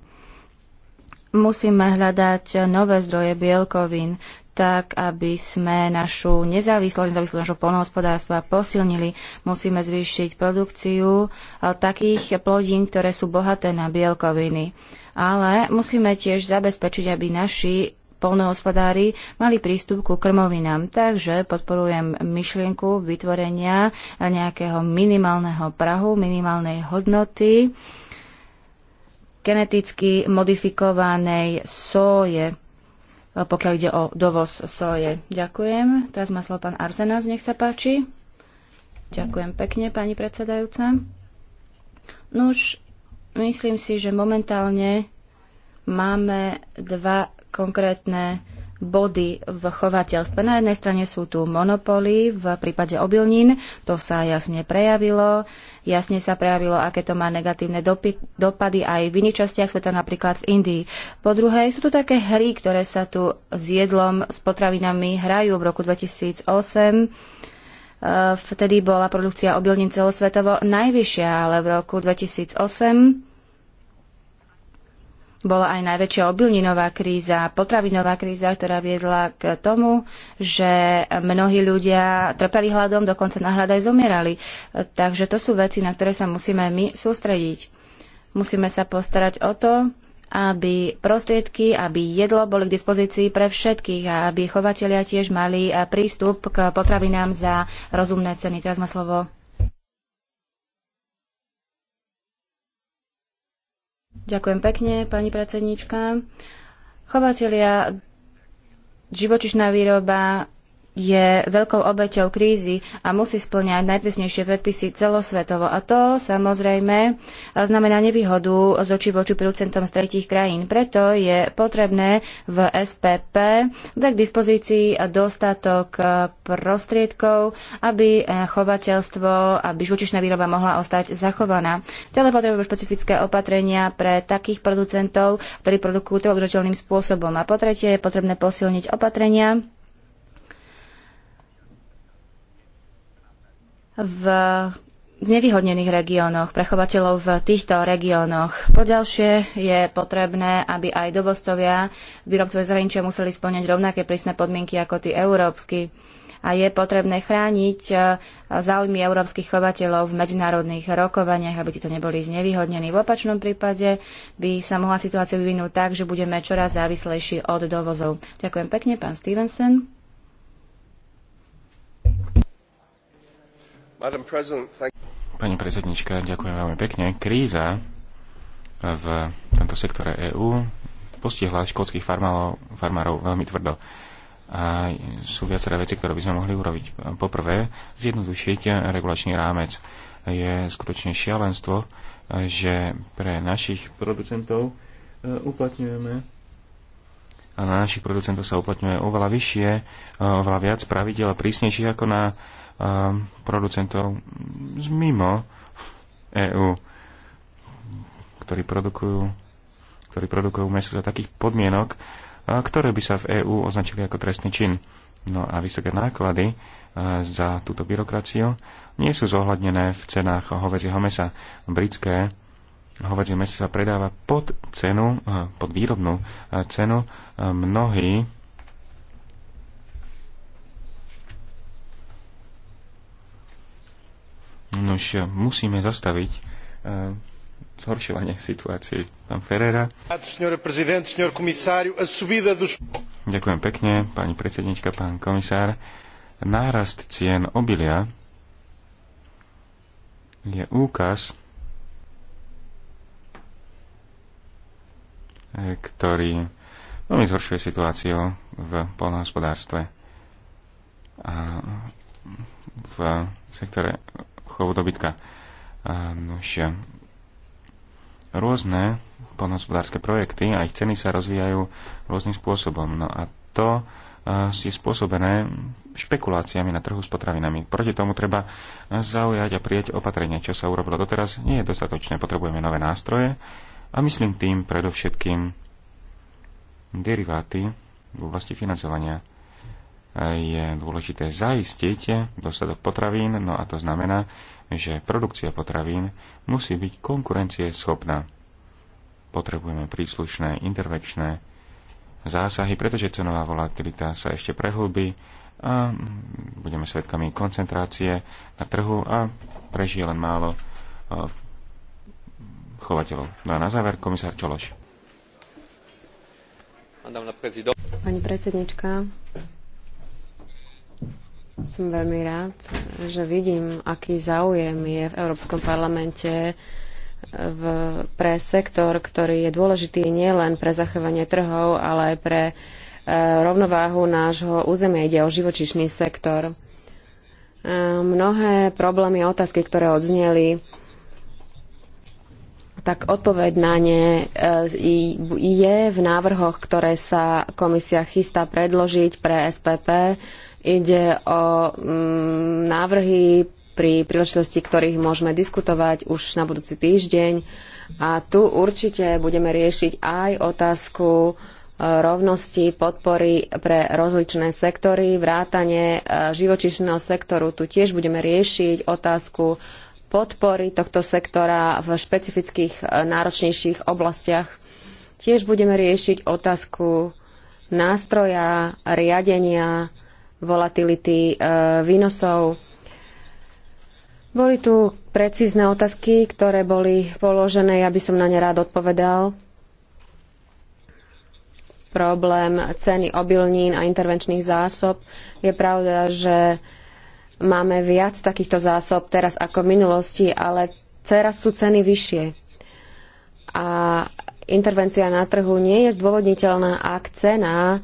Musíme hľadať nové zdroje bielkovín tak aby sme našu nezávislosť, nezávislosť našho polnohospodárstva posilnili. Musíme zvýšiť produkciu eh, takých plodín, ktoré sú bohaté na bielkoviny. Ale musíme tiež zabezpečiť, aby naši polnohospodári mali prístup ku krmovinám. Takže podporujem myšlienku vytvorenia nejakého minimálneho prahu, minimálnej hodnoty geneticky modifikovanej soje pokiaľ ide o dovoz soje. Ďakujem. Teraz má slovo pán Arzenas, nech sa páči. Ďakujem pekne, pani predsedajúca. už myslím si, že momentálne máme dva konkrétne body v chovateľstve. Na jednej strane sú tu monopóly v prípade obilnín, to sa jasne prejavilo. Jasne sa prejavilo, aké to má negatívne dopady aj v iných častiach sveta, napríklad v Indii. Po druhé, sú tu také hry, ktoré sa tu s jedlom, s potravinami hrajú v roku 2008 e, vtedy bola produkcia obilnín celosvetovo najvyššia, ale v roku 2008 bola aj najväčšia obilninová kríza, potravinová kríza, ktorá viedla k tomu, že mnohí ľudia trpeli hľadom, dokonca na hľad aj zomierali. Takže to sú veci, na ktoré sa musíme my sústrediť. Musíme sa postarať o to, aby prostriedky, aby jedlo boli k dispozícii pre všetkých a aby chovatelia tiež mali prístup k potravinám za rozumné ceny. Teraz má slovo Ďakujem pekne, pani predsednička. Chovatelia, živočišná výroba je veľkou obeťou krízy a musí splňať najpresnejšie predpisy celosvetovo. A to samozrejme znamená nevýhodu z oči voči producentom z tretích krajín. Preto je potrebné v SPP dať k dispozícii dostatok prostriedkov, aby chovateľstvo, aby živočišná výroba mohla ostať zachovaná. Ďalej potrebujú špecifické opatrenia pre takých producentov, ktorí produkujú to spôsobom. A po tretie je potrebné posilniť opatrenia, v znevýhodnených regiónoch, pre chovateľov v týchto regiónoch. Po ďalšie je potrebné, aby aj dovozcovia, výrobcovia zahraničia museli splňať rovnaké prísne podmienky ako tí európsky. A je potrebné chrániť e, záujmy európskych chovateľov v medzinárodných rokovaniach, aby títo neboli znevýhodnení. V opačnom prípade by sa mohla situácia vyvinúť tak, že budeme čoraz závislejší od dovozov. Ďakujem pekne, pán Stevenson. Pani predsednička, ďakujem veľmi pekne. Kríza v tomto sektore EÚ postihla škótskych farmárov, farmárov veľmi tvrdo. A sú viaceré veci, ktoré by sme mohli urobiť. Poprvé, zjednodušiť regulačný rámec. Je skutočne šialenstvo, že pre našich producentov e, uplatňujeme a na našich producentov sa uplatňuje oveľa vyššie, e, oveľa viac pravidel a prísnejších ako na producentov z mimo EÚ, ktorí produkujú, ktorí produkujú meso za takých podmienok, ktoré by sa v EÚ označili ako trestný čin. No a vysoké náklady za túto byrokraciu nie sú zohľadnené v cenách hovedzieho mesa. Britské hovedzie meso sa predáva pod cenu, pod výrobnú cenu mnohých Nož musíme zastaviť uh, zhoršovanie situácie. Pán Ferrera. Ďakujem pekne, pani predsednička, pán komisár. Nárast cien obilia je úkaz, e, ktorý veľmi zhoršuje situáciu v polnohospodárstve a v sektore chovu dobytka. Nož, ehm, rôzne poľnohospodárske projekty a ich ceny sa rozvíjajú rôznym spôsobom. No a to eh, je spôsobené špekuláciami na trhu s potravinami. Proti tomu treba zaujať a prijať opatrenia. Čo sa urobilo doteraz, nie je dostatočné. Potrebujeme nové nástroje a myslím tým predovšetkým deriváty v oblasti financovania je dôležité zaistiť dostatok potravín, no a to znamená, že produkcia potravín musí byť konkurencieschopná. Potrebujeme príslušné intervenčné zásahy, pretože cenová volatilita sa ešte prehlbí a budeme svedkami koncentrácie na trhu a prežije len málo e, chovateľov. No a na záver komisár Čološ. Pani predsednička, som veľmi rád, že vidím, aký záujem je v Európskom parlamente eh, v, pre sektor, ktorý je dôležitý nielen pre zachovanie trhov, ale aj pre e, rovnováhu nášho územia. Ide o živočišný sektor. E, mnohé problémy a otázky, ktoré odzneli, tak odpoveď na ne je v návrhoch, ktoré sa komisia chystá predložiť pre SPP Ide o mm, návrhy pri príležitosti, ktorých môžeme diskutovať už na budúci týždeň. A tu určite budeme riešiť aj otázku e, rovnosti podpory pre rozličné sektory, vrátanie e, živočíšneho sektoru. Tu tiež budeme riešiť otázku podpory tohto sektora v špecifických e, náročnejších oblastiach. Tiež budeme riešiť otázku nástroja riadenia volatility e, výnosov. Boli tu precízne otázky, ktoré boli položené, ja by som na ne rád odpovedal. Problém ceny obilnín a intervenčných zásob. Je pravda, že máme viac takýchto zásob teraz ako v minulosti, ale teraz sú ceny vyššie. A intervencia na trhu nie je zdôvodniteľná, ak cena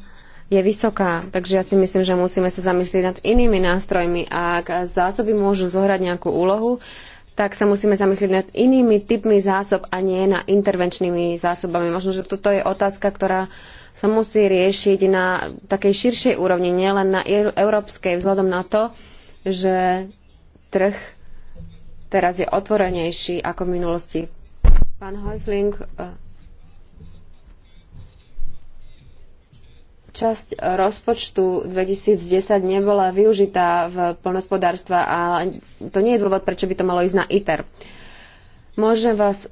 je vysoká. Takže ja si myslím, že musíme sa zamyslieť nad inými nástrojmi. A ak zásoby môžu zohrať nejakú úlohu, tak sa musíme zamyslieť nad inými typmi zásob a nie na intervenčnými zásobami. Možno, že toto je otázka, ktorá sa musí riešiť na takej širšej úrovni, nielen na európskej, vzhľadom na to, že trh teraz je otvorenejší ako v minulosti. Pán Heufling, časť rozpočtu 2010 nebola využitá v plnospodárstva a to nie je dôvod, prečo by to malo ísť na ITER. Môžem vás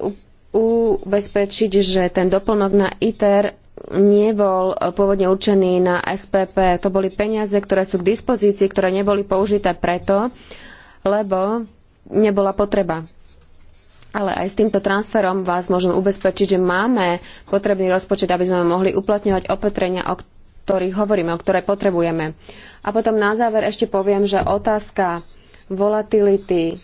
ubezpečiť, že ten doplnok na ITER nebol pôvodne určený na SPP. To boli peniaze, ktoré sú k dispozícii, ktoré neboli použité preto, lebo nebola potreba. Ale aj s týmto transferom vás môžem ubezpečiť, že máme potrebný rozpočet, aby sme mohli uplatňovať opatrenia, o ktorých hovoríme, o ktoré potrebujeme. A potom na záver ešte poviem, že otázka volatility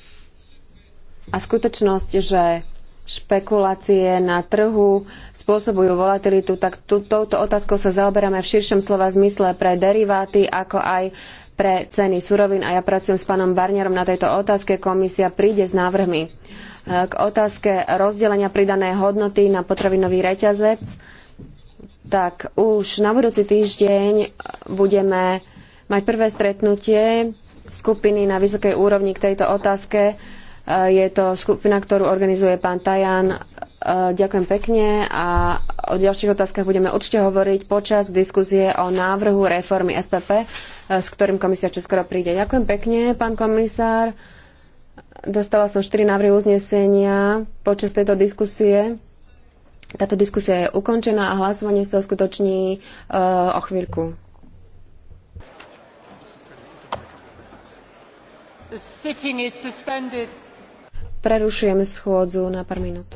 a skutočnosť, že špekulácie na trhu spôsobujú volatilitu, tak tú, touto otázkou sa zaoberáme v širšom slova zmysle pre deriváty, ako aj pre ceny surovín a ja pracujem s pánom Barnierom na tejto otázke. Komisia príde s návrhmi k otázke rozdelenia pridanej hodnoty na potravinový reťazec tak už na budúci týždeň budeme mať prvé stretnutie skupiny na vysokej úrovni k tejto otázke. E, je to skupina, ktorú organizuje pán Tajan. E, ďakujem pekne a o ďalších otázkach budeme určite hovoriť počas diskusie o návrhu reformy SPP, e, s ktorým komisia čoskoro príde. Ďakujem pekne, pán komisár. Dostala som 4 návrhy uznesenia počas tejto diskusie. Táto diskusia je ukončená a hlasovanie sa uskutoční uh, o chvíľku. Prerušujem schôdzu na pár minút.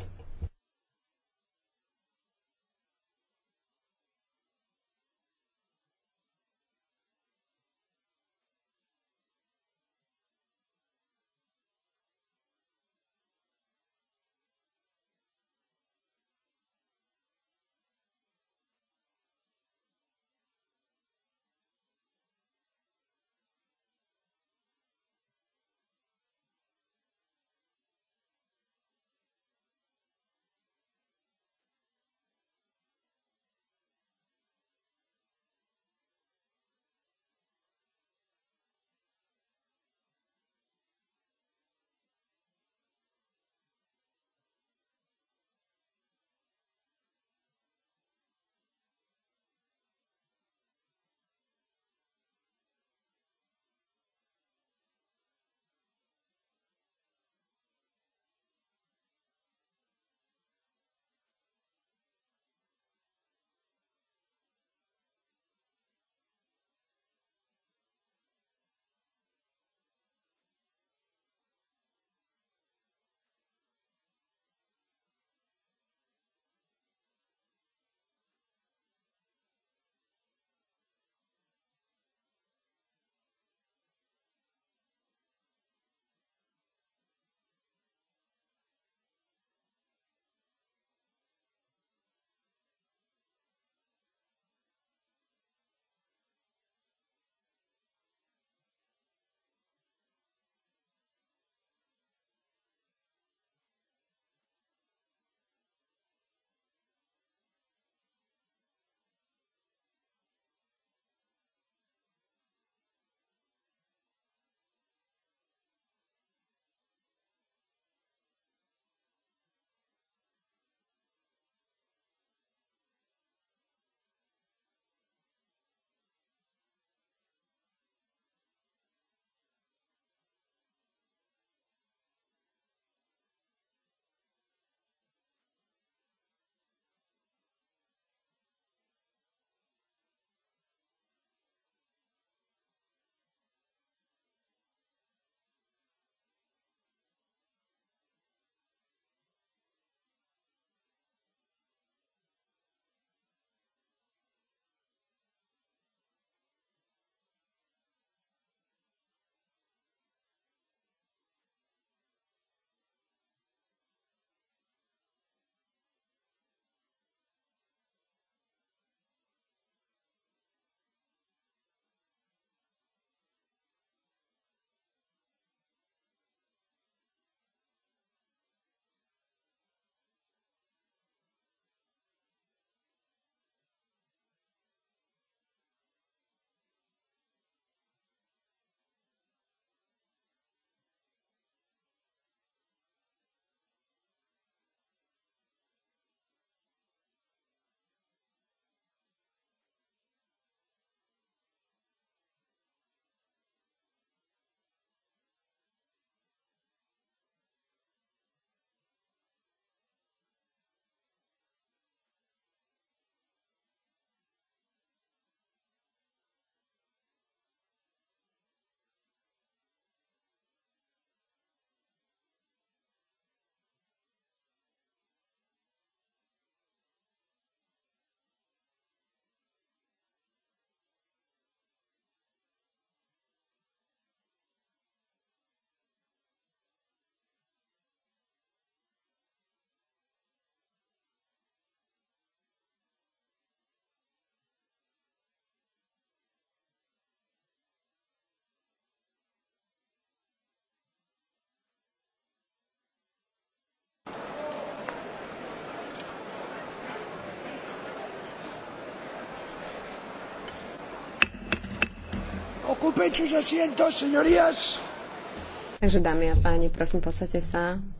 Ocupen sus asientos, señorías. Takže dámy a páni, prosím, posaďte sa.